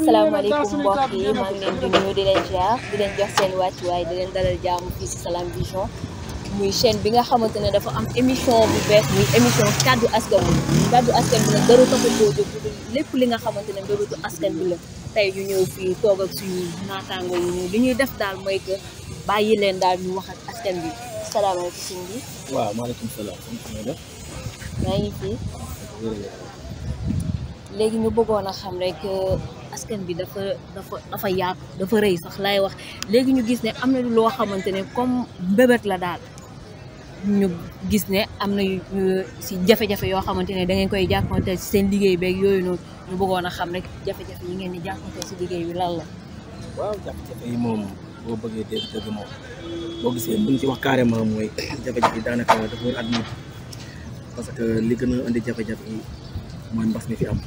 asalaamaaleykum mbokk yi maa ngi leen di di leen jaar di leen jox seen wàccuwaay di leen dalal jaamu fii si Vision muy chaîne bi nga xamante ne dafa am émission bu bees muy émission kàddu askan bi kaddu askan bi li nga xamante ne mbébétu askan bi la tey ñu ñëw fii toog suñu naataango yi ñu li ñuy def daal mooy que bàyyi leen daal ñu wax ak askan bi salaamaaleykum sëñ bi. waaw léegi ñu bëggoon a xam rek. askan bi dafa dafa dafa dafa rëy sax lay wax léegi ñu gis ne am na loo xamante ne comme mbébét la daal ñu gis ne am na si jafe-jafe yoo xamante ne da ngeen koy jànkuwanteel si seen liggéey beeg yooyu noonu ñu a xam rek jafe yi ngeen di jànkuwanteel liggéey bi lan la. waaw jafe-jafe moom boo bëggee dégg dëgg moom boo gisee buñ ci wax carrément mooy jafe-jafe yi daanaka dafa wër at parce que li gën a indi jafe-jafe yi mooy mbas mi fi am.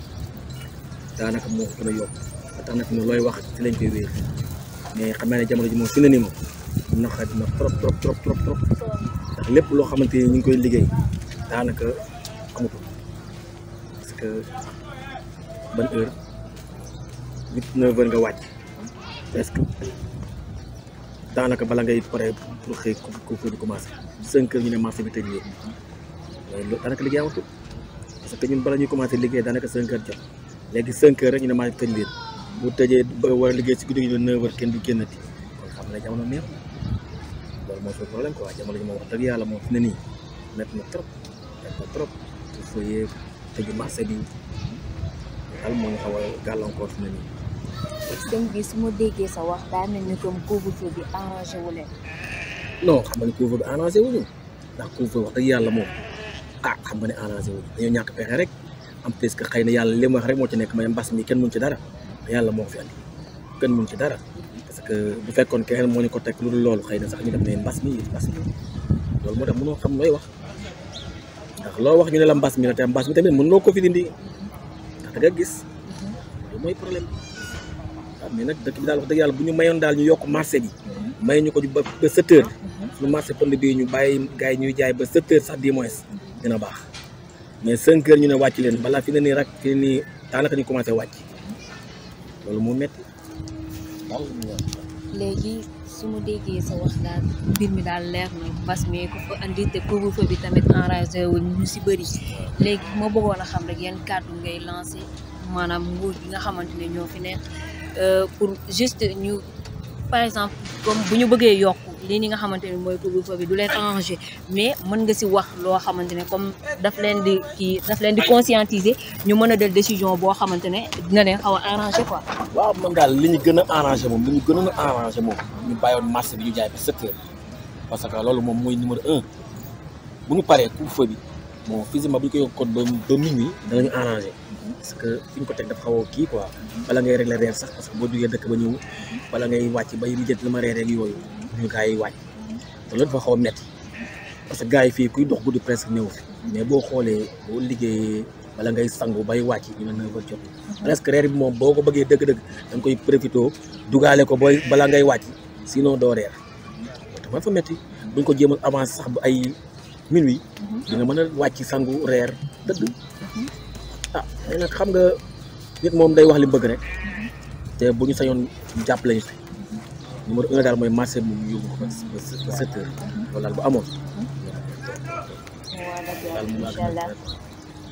daanaka moo ko gën a yokk ba tax na fi looy wax ci lañ koy wéer mais xam naa ne jamono ji moom fi na ni moom na xaj na trop trop trop trop ndax lépp loo xamante ni ñu ngi koy liggéey daanaka que ban heure huit neuf heures nga wàcc bala ngay pare pour xëy ko ko di commencé cinq heures ñu ne marché bi tëj nii loolu daanaka liggéey amatul parce que ñun bala ñuy commencé liggéey daanaka cinq heures léegi 5 heures rek ñu ne maa ngi tëj leen bu tëjee war a liggéey si guddi gi ñu ne 9 heures kenn du génnati kon xam ne jamono neex loolu mooy suñu problème quoi jamono ji moom wax dëgg yàlla moom fi nii métti na trop métti na trop te fooyee tëju bi daal moo xaw gàllankoor fi ni comme couvre-feu bi arrangé wu leen. non xam nga ne couvre-feu bi arrangé ndax couvre-feu wax dëgg yàlla moom ah xam nga ne arrangé wu ñu dañoo ñàkk pexe rek. en plus que xëy na yàlla lim wax rek moo ci nekk may mbas mi kenn mun ci dara yàlla moo fi andi kenn mun ci dara parce que bu fekkoon keneen moo ni ko teg lu loolu xëy na sax ñu def ne mbas mi mbas mi loolu moo tax mënoo xam looy wax wax ñu ne mbas mi la te mën loo ko fi dindi ndax nga gis loolu mooy problème mais nag dëkk bi daal wax dëgg yàlla bu ñu mayoon daal ñu yokk marché bi may ñu ko ba ba sept heures mhm. suñu marché pënd bii ñu bàyyi gars yi ñuy jaay ba sept heures sax dix mois dina baax mais cinq heures ñu ne wàcc leen balaa fi ne nii rak fi ne nii daanaka ñu commencé wàcc loolu moo métti léegi su déggee sa wax daal mbir mi daal leer na mbas mi ko fa andi te couvre-feu bi tamit enragé wu ñu si bëri léegi ma bëggoon a xam rek yan kàddu ngay lancé maanaam nguur gi nga xamante ne ñoo fi nekk euh, pour juste ñu par exemple comme bu ñu bëggee yokk lii ni nga xamante ni mooy couvre-feu bi du leen arranger mais mën nga si wax loo xamante ne comme daf leen di kii daf leen di conscientiser ñu mën a del décision boo xamante ne dina leen xaw a arranger quoi. waaw man daal li ñu gën a arranger moom li ñu gën a arranger moom ñu bàyyoon marché bi ñu jaay ba sept heures parce que loolu moom mooy numéro un bu ñu paree couvre-feu bi bon physiquement bu ñu ko yokkoon ba ba minuit danañu arranger. parce que fi ñu ko teg dafa xaw a kii quoi. bala ngay régler reer sax parce que boo jugee dëkk ba ñëw. bala ngay wàcc bay lijjat la ma reer yooyu. pour yi wàññi te loolu dafa xaw a métti parce que gars yi fii kuy dox guddi presque néew fi mais boo xoolee boo liggéeyee wala ngay sangu bay wàcc ñu ne neuf heures jot presque reer bi boo ko bëggee dëgg-dëgg da nga koy profité dugaale ko booy balaa ngay wàcc sinon doo reer dafa fa métti buñ ko jéemal avance sax bu ay minuit di nga mën a wàcc sangu reer dëgg ah mais xam nga nit moom day wax li bëgg rek te bu ñu sañoon jàpp lañu si numéro mooy marché bi mu mhm. bu amoon.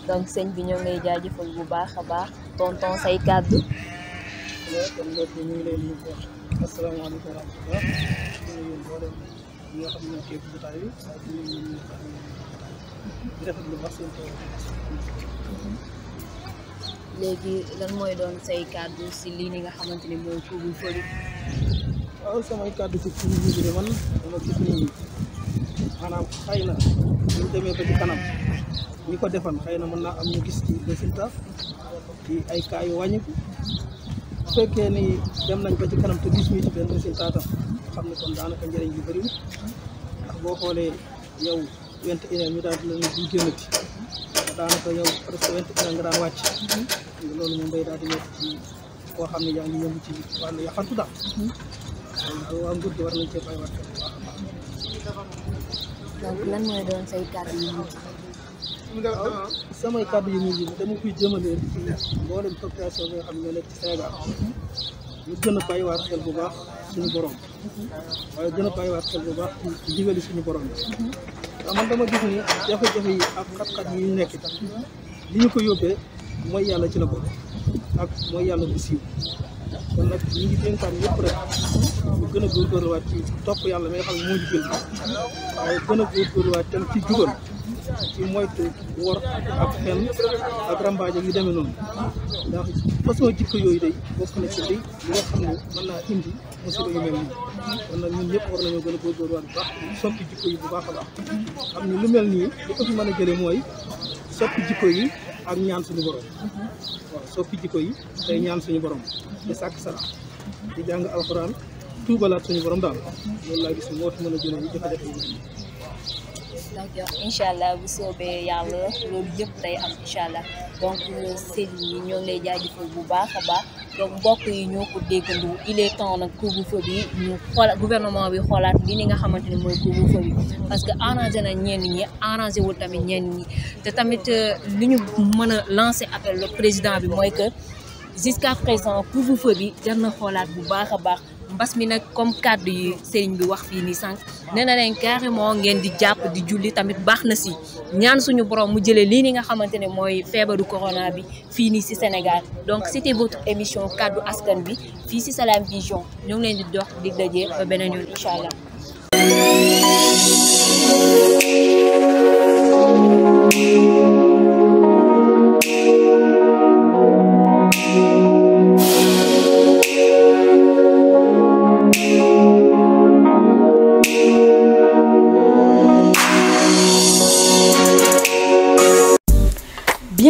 waaw incha bi ñoo ngay bu baax a baax tonton say kàddu. waaw ñu ngi leen di wax asalaamaaleykum léegi lan mooy doon say kàddu si lii nga xamante ni mooy couvre-feu waaw samay kàddu ci ci ñi de man dama gis ni maanaam xëy na ñu demee ba ci kanam ñi ko defan xëy na mën naa am ñu gis ci résultat ci ay cas yu wàññiku bu ni dem nañ ba ci kanam te gis ñu ci xam ne kon daanaka njëriñ bi bëriwul boo xoolee yow vingt et une ñu daal di la ñu daanaka yow presque vingt et nga daan wàcc mm-hmm. loolu moom day daal di ci koo xam ne yaa ngi yëngu ci wàllu yaxantu daal mm-hmm. waa nguur gi war nañ cee bàyyiwaat xel a samay kàddu yu mujj dama koy jëmale mboolem population bi nga xam ñu gën a bàyyiwaat xel bu baax suñu borom. waaye gën a bàyyiwaat xel bu baax ci ndigali suñu borom bi. waaw man dama gis ni jafe-jafe yi ak xat-xat yi ñu nekk li ko yóbbee mooy yàlla ci la bokk ak mooy yàlla bu siiw. kon nag ñu ngi dénkaan ñëpp rek ñu gën a góorgóorluwaat ci topp yàlla may nga xam ne moo ñu gën waaye gën a demee noonu ndax façon jikko yooyu day bokk na ci li nga xam ne mën naa indi musiba yu mel nii kon nag ñun ñëpp war nañoo gën a góorgóorluwaat bu baax soppi jikko yi bu baax a baax xam lu mel nii li ko fi mën a jëlee mooy soppi jikko yi am ñaan suñu borom waaw soppi jikko yi ñaan suñu borom di sàkk sarax di jàng alxuraan tuubalaat suñu borom daal loolu laa gis moo fi mën a jëlee jafe-jafe yi d'accord incha allah bu soobee yàlla loolu yëpp day am incha allah donc sëñ bi ñoo ngi lay jaajëfal bu baax a baax donc mbokk yi ñoo ko déggandoo il est temps nag couvre-feu bi ñu xoola gouvernement bi xoolaat li ni nga xamante ne mooy couvre-feu bi parce que arrangé na ñenn ñi arrangé wul tamit ñenn ñi te tamit euh, li ñu mën a lancer appel le président bi mooy que jusqu'à présent couvre-feu bi jar na xoolaat bu baax a baax mbas mi nag comme kàddu yi sëriñ bi wax fii nii sànq nee na leen carrément ngeen di jàpp di julli tamit baax na si ñaan suñu borom mu jëlee lii ni nga xamante ne mooy feebaru corona bi fii nii si senegal donc c'était votre émission kàddu askan bi fii si salaam Vision ñu ngi leen di dox di daje ba beneen yoon incha allah.